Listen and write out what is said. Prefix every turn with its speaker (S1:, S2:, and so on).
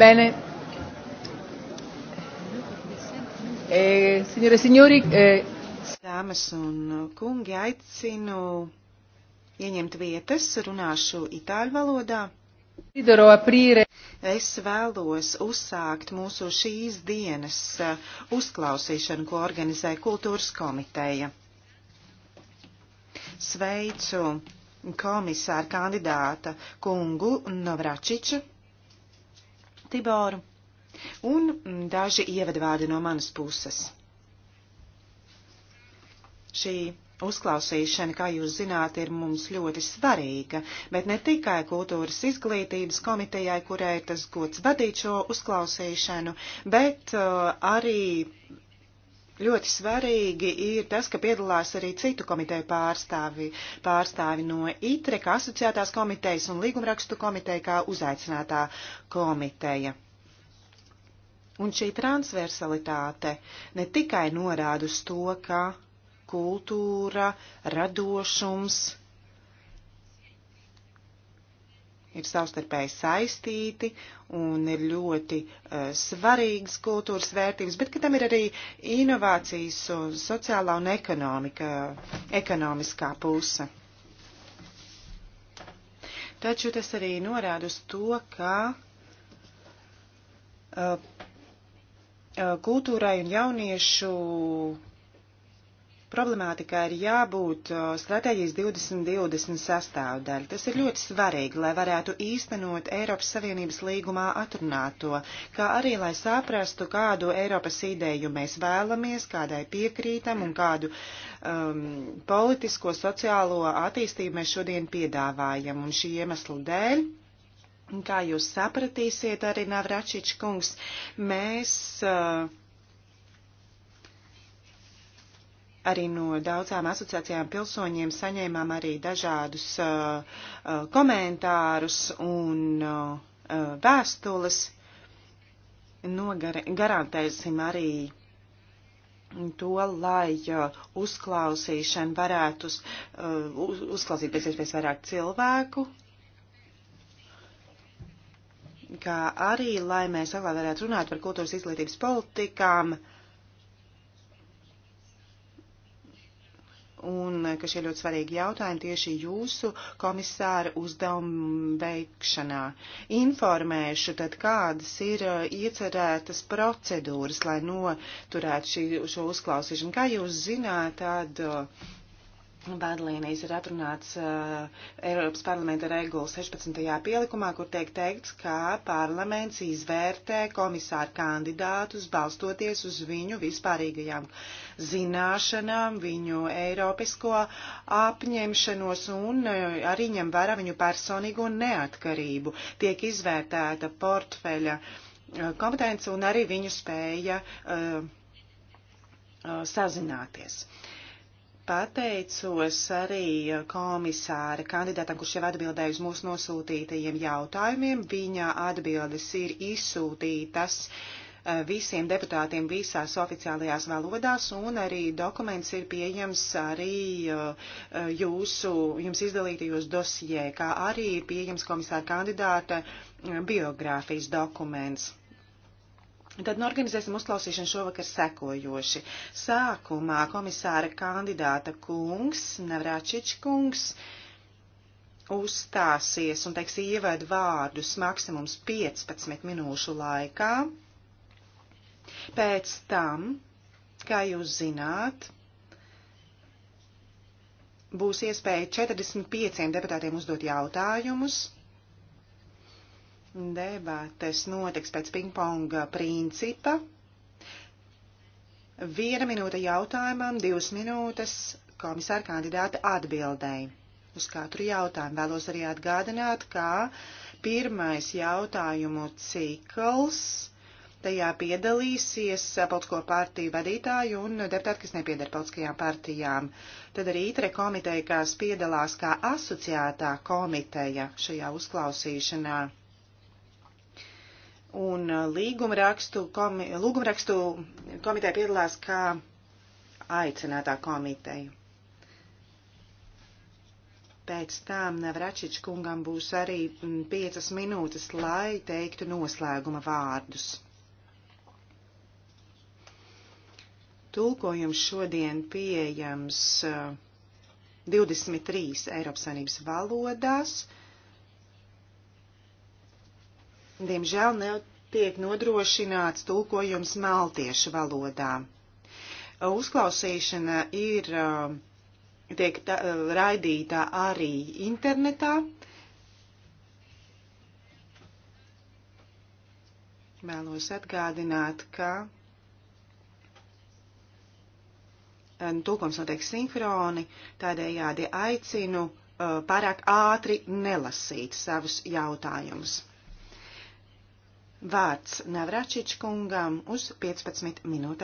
S1: Bene. Eh, signore e signori, eh... dāmas un kungi, aicinu ieņemt vietas, runāšu itāļu valodā. Es vēlos uzsākt mūsu šīs dienas eh, uzklausīšanu, ko organizē kultūras komiteja. Sveicu komisāru kandidāta kungu Navračiču Tiboru un daži ievadvārdi no manas puses. Šī uzklausīšana, kā jūs zināt, ir mums ļoti svarīga, bet ne tikai kultūras izglītības komitejai, kurai tas gods vadīt šo uzklausīšanu, bet uh, arī Ļoti svarīgi ir tas, ka piedalās arī citu komiteju pārstāvi, pārstāvi no ITRE, kā asociētās komitejas un līgumrakstu komiteja, kā uzaicinātā komiteja. Un šī transversalitāte ne tikai norāda uz to, ka kultūra, radošums, ir savstarpēji saistīti un ir ļoti uh, svarīgas kultūras vērtības, bet ka tam ir arī inovācijas un sociālā un ekonomiskā puse. Taču tas arī norāda uz to, ka uh, kultūrai un jauniešu Problemātikai ir jābūt uh, stratēģijas 2020 sastāvdaļa. Tas ir ļoti svarīgi, lai varētu īstenot Eiropas Savienības līgumā atrunāto, kā arī lai saprastu, kādu Eiropas ideju mēs vēlamies, kādai piekrītam un kādu um, politisko, sociālo attīstību mēs šodien piedāvājam. Un šī iemesla dēļ Kā jūs sapratīsiet, arī Navračiņš kungs, mēs uh, arī no daudzām asociācijām pilsoņiem saņēmām arī dažādus uh, uh, komentārus un uh, uh vēstules. Nogara, garantēsim arī to, lai uh, uzklausīšana varētu uh, uzklausīt pēc iespējas vairāk cilvēku, kā arī, lai mēs vēlāk varētu runāt par kultūras izglītības politikām, uh, domāju, ka šie ļoti svarīgi jautājumi tieši jūsu komisāra uzdevumu veikšanā. Informēšu tad, kādas ir uh, iecerētas procedūras, lai noturētu šī, šo uzklausīšanu. Kā jūs zināt, tad. Uh, Vadlīnijas ir atrunāts uh, Eiropas parlamenta regula 16. pielikumā, kur tiek teikts, ka parlaments izvērtē komisāru kandidātus balstoties uz viņu vispārīgajām zināšanām, viņu eiropisko apņemšanos un uh, arī ņem vērā viņu personīgo neatkarību. Tiek izvērtēta portfeļa uh, kompetence un arī viņu spēja uh, uh, sazināties. Uh, pateicos arī eh, komisāra kandidātam, kurš jau atbildēja uz mūsu nosūtītajiem jautājumiem. Viņa atbildes ir izsūtītas eh, visiem deputātiem visās oficiālajās valodās, un arī dokuments ir pieejams arī eh, jūsu, jums izdalītajos dosijē, kā arī pieejams komisāra kandidāta biogrāfijas dokuments. Tad norganizēsim nu, uzklausīšanu šovakar sekojoši. Sākumā komisāra kandidāta kungs, Navrāčič kungs, uzstāsies un teiks ievadu vārdus maksimums 15 minūšu laikā. Pēc tam, kā jūs zināt, būs iespēja 45 deputātiem uzdot jautājumus Debates notiks pēc pingponga principa. Viena minūte jautājumam, divas minūtes komisāra kandidāta atbildēja. Uz katru jautājumu vēlos arī atgādināt, ka pirmais jautājumu cikls tajā piedalīsies politisko partiju vadītāji un deputāti, kas nepiedara politiskajām partijām. Tad arī ITRE komiteja, kas piedalās kā asociētā komiteja šajā uzklausīšanā. Un uh, līgumrakstu, komi, līgumrakstu komiteja piedalās kā aicinātā komiteja. Pēc tam Navračič kungam būs arī mm, piecas minūtes, lai teiktu noslēguma vārdus. Tulkojums šodien pieejams 23 uh, Eiropas Savienības valodās diemžēl netiek nodrošināts tulkojums maltiešu valodā. Uzklausīšana ir uh, tiek tā, uh, raidītā arī internetā. Vēlos atgādināt, ka uh, tulkums notiek sinhroni, tādējādi aicinu pārāk ātri nelasīt savus jautājumus. Vārds Navračič kungam uz 15 minūtēm.